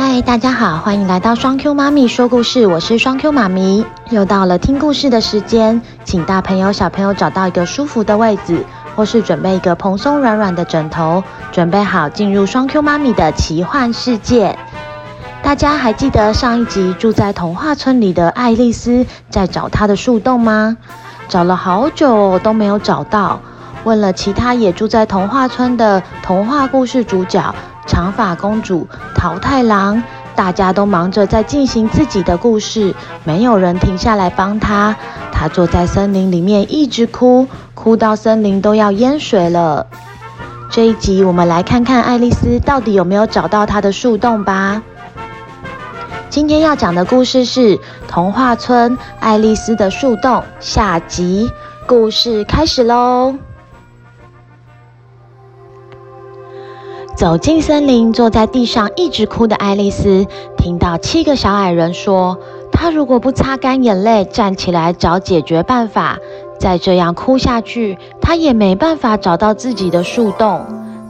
嗨，大家好，歡迎來到雙 Q 媽咪說故事，我是雙 Q 媽咪，又到了聽故事的時間，請大朋友小朋友找到一個舒服的位置，或是準備一個蓬鬆軟軟的枕頭，準備好進入雙 Q 媽咪的奇幻世界。大家還記得上一集住在童話村裡的愛麗絲在找她的樹洞嗎？找了好久都沒有找到，問了其他也住在童話村的童話故事主角。長髮公主、桃太郎，大家都忙着在進行自己的故事，沒有人停下來幫她。她坐在森林裡面一直哭，哭到森林都要淹水了。這一集我們來看看愛麗絲到底有沒有找到她的樹洞吧。今天要講的故事是《童話村愛麗絲的樹洞》下集，故事開始嘍。走進森林，坐在地上一直哭的愛麗絲，聽到七個小矮人說：“她如果不擦乾眼淚，站起來找解決辦法，再這樣哭下去，她也沒辦法找到自己的樹洞。”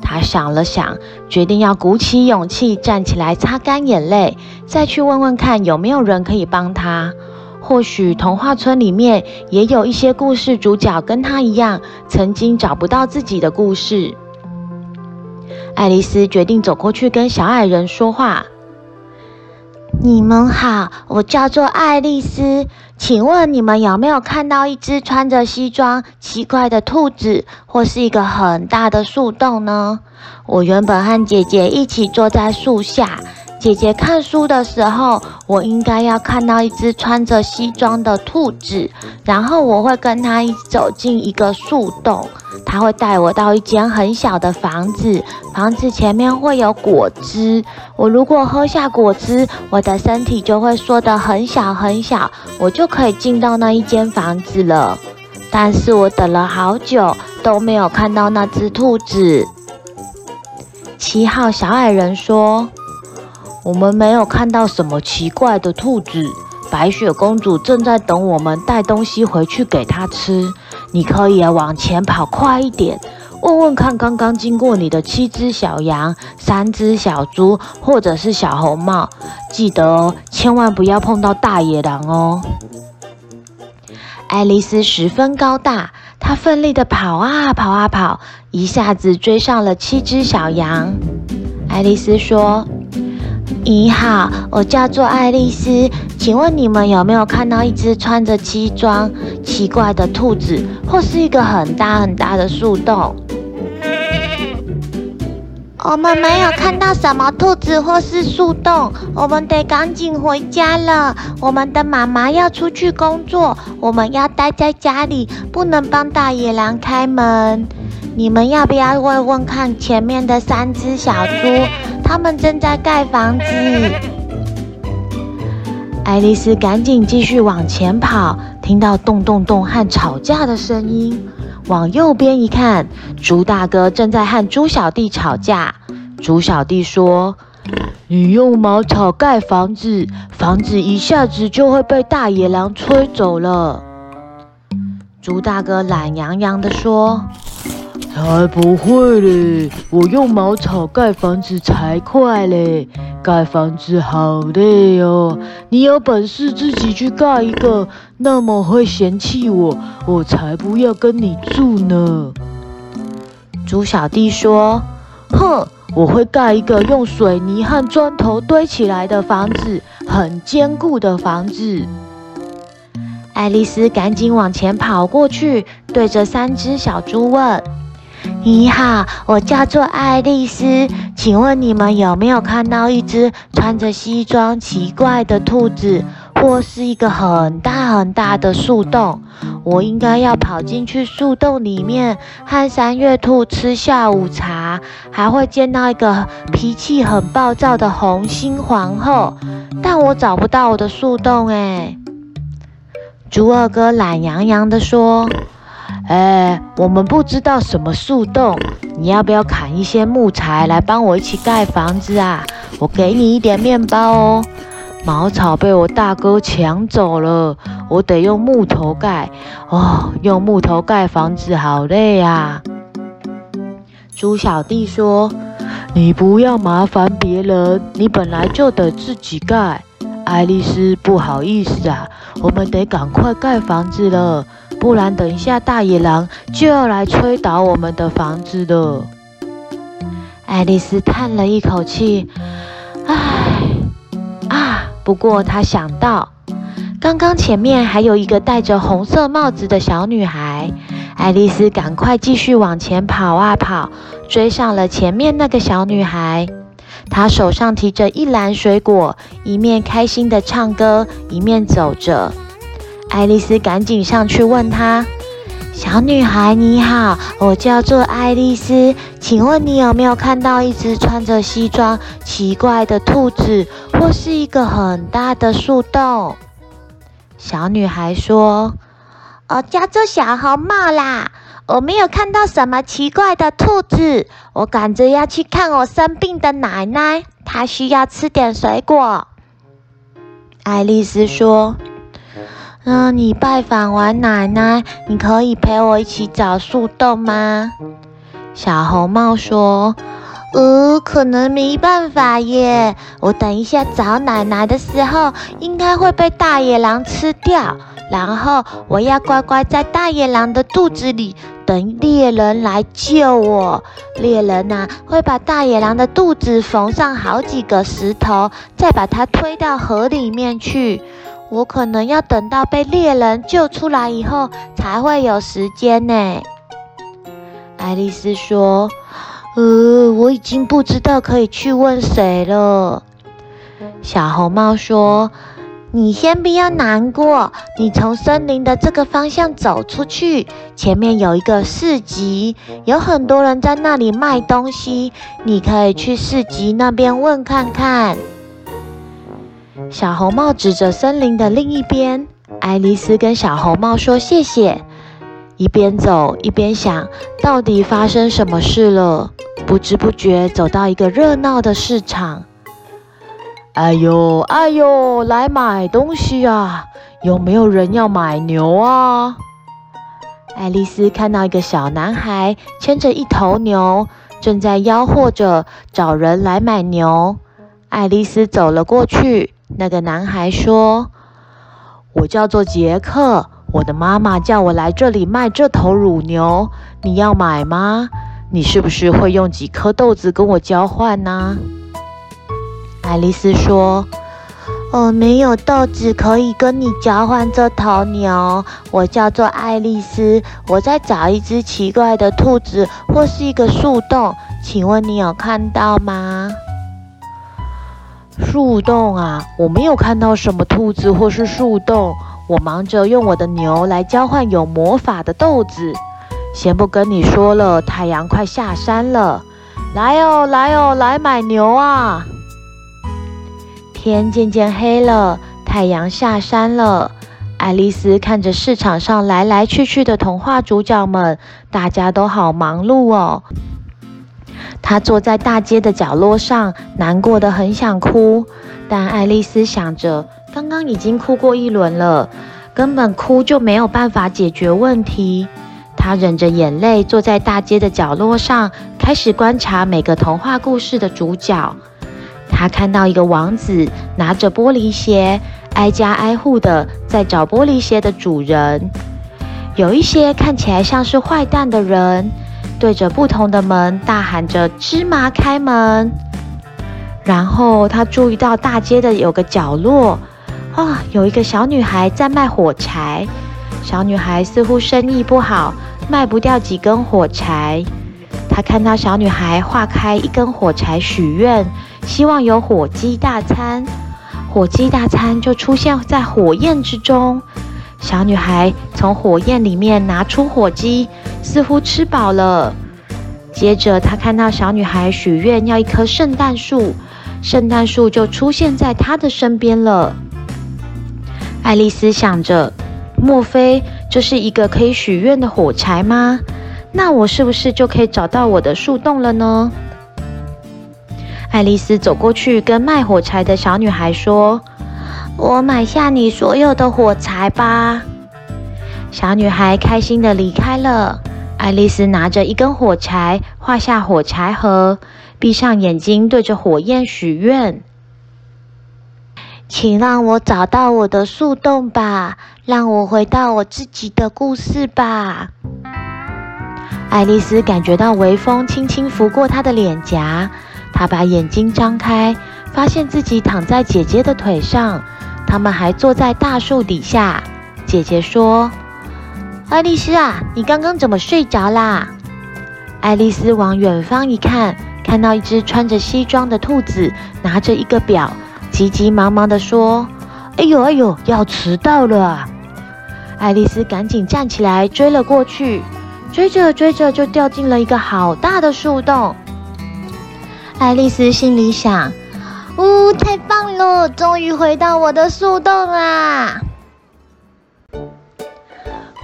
她想了想，決定要鼓起勇氣站起來擦乾眼淚，再去問問看有沒有人可以幫她。或許童話村裡面也有一些故事主角跟她一樣，曾經找不到自己的故事。愛麗絲決定走過去跟小矮人說話：“你們好，我叫做愛麗絲。請問你們有沒有看到一隻穿着西裝、奇怪的兔子，或是一個很大的樹洞呢？我原本和姐姐一起坐在樹下。”姐姐看書的時候，我應該要看到一只穿着西裝的兔子，然後我會跟他一起走進一個樹洞，他會帶我到一間很小的房子，房子前面會有果汁。我如果喝下果汁，我的身體就會縮得很小很小，我就可以進到那一間房子了。但是我等了好久都沒有看到那只兔子。七號小矮人說。我們沒有看到什麼奇怪的兔子。白雪公主正在等我們帶東西回去給她吃。你可以往前跑，快一點！問問看，剛剛經過你的七只小羊、三只小豬，或者是小紅帽。記得哦，千萬不要碰到大野狼哦。愛麗絲十分高大，她奮力地跑啊跑啊跑，一下子追上了七只小羊。愛麗絲說。你好，我叫做愛麗絲。請問你們有沒有看到一隻穿着西裝、奇怪的兔子，或是一個很大很大的樹洞？我們沒有看到什麼兔子或是樹洞。我們得趕緊回家了。我們的媽媽要出去工作，我們要待在家裡，不能幫大野狼開門。你們要不要問問看前面的三隻小豬？他們正在蓋房子，愛麗絲趕緊繼續往前跑，聽到“咚咚咚”和吵架的聲音。往右邊一看，豬大哥正在和豬小弟吵架。豬小弟說：“你用茅草蓋房子，房子一下子就會被大野狼吹走了。”豬大哥懶洋洋的說。才不會嘞！我用茅草蓋房子才快嘞，蓋房子好累哦。你有本事自己去蓋一個，那麼會嫌棄我，我才不要跟你住呢。豬小弟說：“哼，我會蓋一個用水泥和磚頭堆起來的房子，很堅固的房子。”愛麗絲趕緊往前跑過去，對着三隻小豬問。你好，我叫做愛麗絲。請問你們有沒有看到一只穿着西裝、奇怪的兔子，或是一個很大很大的樹洞？我應該要跑進去樹洞裡面，和三月兔吃下午茶，還會見到一個脾氣很暴躁的紅心皇後。但我找不到我的樹洞哎、欸。豬二哥懶洋洋地說。哎、欸，我們不知道什麼樹洞，你要不要砍一些木材來幫我一起蓋房子啊？我給你一點麵包哦。茅草被我大哥搶走了，我得用木頭蓋。哦，用木頭蓋房子好累啊。豬小弟說：“你不要麻煩別人，你本來就得自己蓋。”愛麗絲，不好意思啊，我們得趕快蓋房子了。不然，等一下，大野狼就要來吹倒我們的房子了。愛麗絲嘆了一口氣，唉，啊！不過她想到，剛剛前面還有一個戴着紅色帽子的小女孩。愛麗絲趕快繼續往前跑啊跑，追上了前面那個小女孩。她手上提着一籃水果，一面開心地唱歌，一面走着。愛麗絲趕緊上去問她：“小女孩，你好，我叫做愛麗絲，請問你有沒有看到一隻穿着西裝、奇怪的兔子，或是一個很大的樹洞？”小女孩說：“我叫做小紅帽啦，我沒有看到什麼奇怪的兔子，我趕着要去看我生病的奶奶，她需要吃點水果。”愛麗絲說，那你拜訪完奶奶，你可以陪我一起找樹洞嗎？小紅帽說：“呃，可能沒辦法耶。我等一下找奶奶的時候，應該會被大野狼吃掉。然後我要乖乖在大野狼的肚子裡等獵人來救我。獵人吶，會把大野狼的肚子縫上好幾個石頭，再把它推到河裡面去。”我可能要等到被獵人救出來以後，才會有時間呢。愛麗絲說：“呃，我已經不知道可以去問誰了。”小紅帽說：“你先不要難過，你從森林的這個方向走出去，前面有一個市集，有很多人在那裡賣東西，你可以去市集那邊問看看。”小紅帽指着森林的另一邊，愛麗絲跟小紅帽說：“謝謝。”一邊走一邊想，到底發生什麼事了？不知不覺走到一個熱鬧的市場。哎呦哎呦，來買東西啊！有沒有人要買牛啊？愛麗絲看到一個小男孩牽着一頭牛，正在吆喝着找人來買牛。愛麗絲走了過去。那個男孩說：“我叫做傑克，我的媽媽叫我來這裡賣這頭乳牛。你要買嗎？你是不是會用幾顆豆子跟我交換呢、啊？”愛麗絲說：“我、哦、沒有豆子可以跟你交換這頭牛。我叫做愛麗絲，我在找一隻奇怪的兔子或是一個樹洞。請問你有看到嗎？”樹洞啊，我沒有看到什麼兔子或是樹洞。我忙着用我的牛來交換有魔法的豆子。先不跟你說了，太陽快下山了。來哦，來哦，來買牛啊！天漸漸黑了，太陽下山了。愛麗絲看着市場上來來去去的童話主角們，大家都好忙碌哦。她坐在大街的角落上，難過得很想哭，但愛麗絲想着，剛剛已經哭過一輪了，根本哭就沒有辦法解決問題。她忍着眼淚，坐在大街的角落上，開始觀察每個童話故事的主角。她看到一個王子拿着玻璃鞋，挨家挨戶的在找玻璃鞋的主人。有一些看起來像是壞蛋的人。對着不同的門大喊着「芝麻開門」，然後他注意到大街的有個角落，啊、哦，有一個小女孩在賣火柴。小女孩似乎生意不好，賣不掉幾根火柴。他看到小女孩劃開一根火柴許願，希望有火雞大餐。火雞大餐就出現在火焰之中。小女孩從火焰裡面拿出火雞。似乎吃飽了，接着他看到小女孩許願要一棵聖誕樹，聖誕樹就出現在她的身邊了。愛麗絲想着，莫非這是一個可以許願的火柴嗎？那我是不是就可以找到我的樹洞了呢？愛麗絲走過去跟賣火柴的小女孩說：“我買下你所有的火柴吧。”小女孩開心地離開了。愛麗絲拿着一根火柴，畫下火柴盒，閉上眼睛，對着火焰許願：“請讓我找到我的樹洞吧，讓我回到我自己的故事吧。”愛麗絲感覺到微風輕輕拂過她的臉頰，她把眼睛張開，發現自己躺在姐姐的腿上，他們還坐在大樹底下。姐姐說。愛麗絲啊，你剛剛怎麼睡着啦？愛麗絲往遠方一看，看到一隻穿着西裝的兔子，拿着一個錶，急急忙忙地說：“哎呦哎呦，要遲到了！”愛麗絲趕緊站起來追了過去，追着追着就掉進了一個好大的樹洞。愛麗絲心裡想：“嗚、哦，太棒了，終於回到我的樹洞啦！”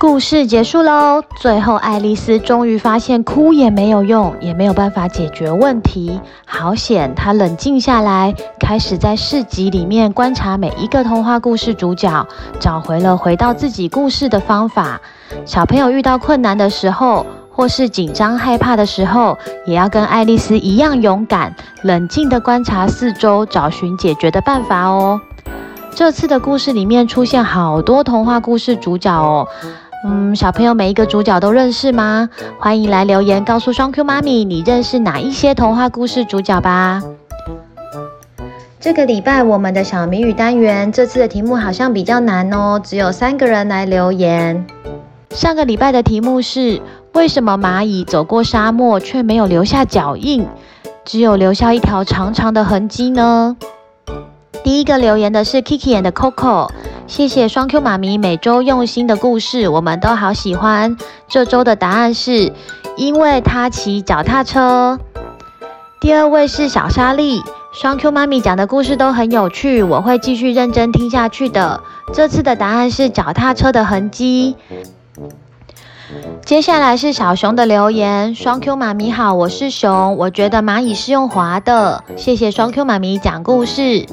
故事結束嘍，最後愛麗絲終於發現哭也沒有用，也沒有辦法解決問題。好險，她冷靜下來，開始在市集裡面觀察每一個童話故事主角，找回了回到自己故事的方法。小朋友遇到困難的時候，或是緊張害怕的時候，也要跟愛麗絲一樣勇敢、冷靜地觀察四周，找尋解決的辦法喔。這次的故事裡面出現好多童話故事主角喔。嗯，小朋友每一個主角都認識嗎？歡迎來留言告訴雙 Q 媽咪，你認識哪一些童話故事主角吧。這個禮拜我們的小謎語單元，這次的題目好像比較難哦，只有三個人來留言。上個禮拜的題目是：為什麼螞蟻走過沙漠卻沒有留下腳印，只有留下一條長長的痕跡呢？第一個留言的是 Kiki and Coco。謝謝雙 Q 媽咪每周用心的故事，我們都好喜歡。這週的答案是因為她騎腳踏車。第二位是小沙粒。雙 Q 媽咪講的故事都很有趣，我會繼續認真聽下去的。這次的答案是腳踏車的痕跡。接下來是小熊的留言。雙 Q 媽咪好，我是熊，我覺得螞蟻是用滑的。謝謝雙 Q 媽咪講故事。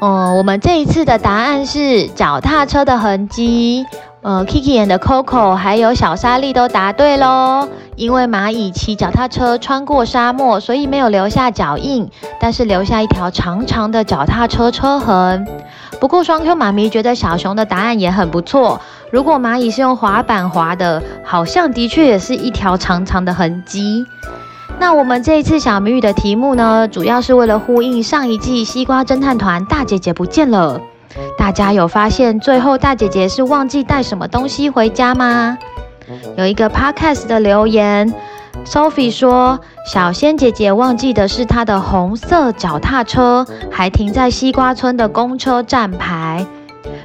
哦、嗯，我們這一次的答案是腳踏車的痕跡。呃、嗯，Kiki 演的 Coco 還有小沙粒都答對嘍。因為螞蟻騎腳踏車穿過沙漠，所以沒有留下腳印，但是留下一條長長的腳踏車車痕。不過雙 Q 媽咪覺得小熊的答案也很不錯。如果螞蟻是用滑板滑的，好像的確也是一條長長的痕跡。那我們這一次小謎語的題目呢，主要是為了呼應上一季《西瓜偵探團》，大姐姐不見了。大家有發現最後大姐姐是忘記帶什麼東西回家嗎？有一個 podcast 的留言，Sophie 說小仙姐姐忘記的是她的紅色腳踏車，還停在西瓜村的公車站牌。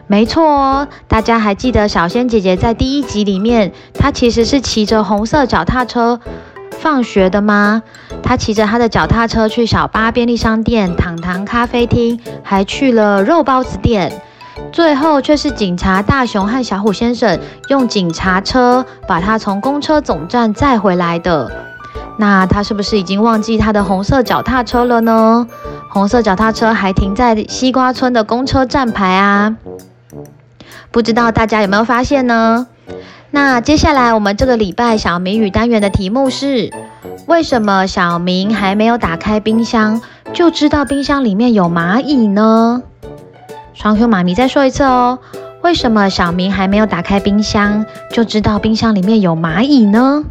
沒錯哦，大家還記得小仙姐姐在第一集裡面，她其實是騎着紅色腳踏車。放學的嗎？他騎着他的腳踏車去小巴便利商店、糖糖咖啡廳，還去了肉包子店，最後卻是警察大雄和小虎先生用警察車把他從公車總站載回來的。那他是不是已經忘記他的紅色腳踏車了呢？紅色腳踏車還停在西瓜村的公車站牌啊，不知道大家有沒有發現呢？那接下來我們這個禮拜小謎語單元的題目是：為什麼小明還沒有打開冰箱，就知道冰箱裡面有螞蟻呢？雙 Q 媽咪再說一次哦，為什麼小明還沒有打開冰箱，就知道冰箱裡面有螞蟻呢？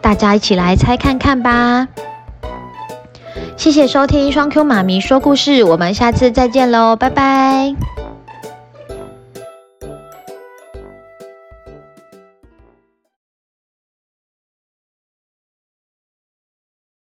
大家一起來猜看看吧！謝謝收聽雙 Q 媽咪說故事，我們下次再見嘍，拜拜。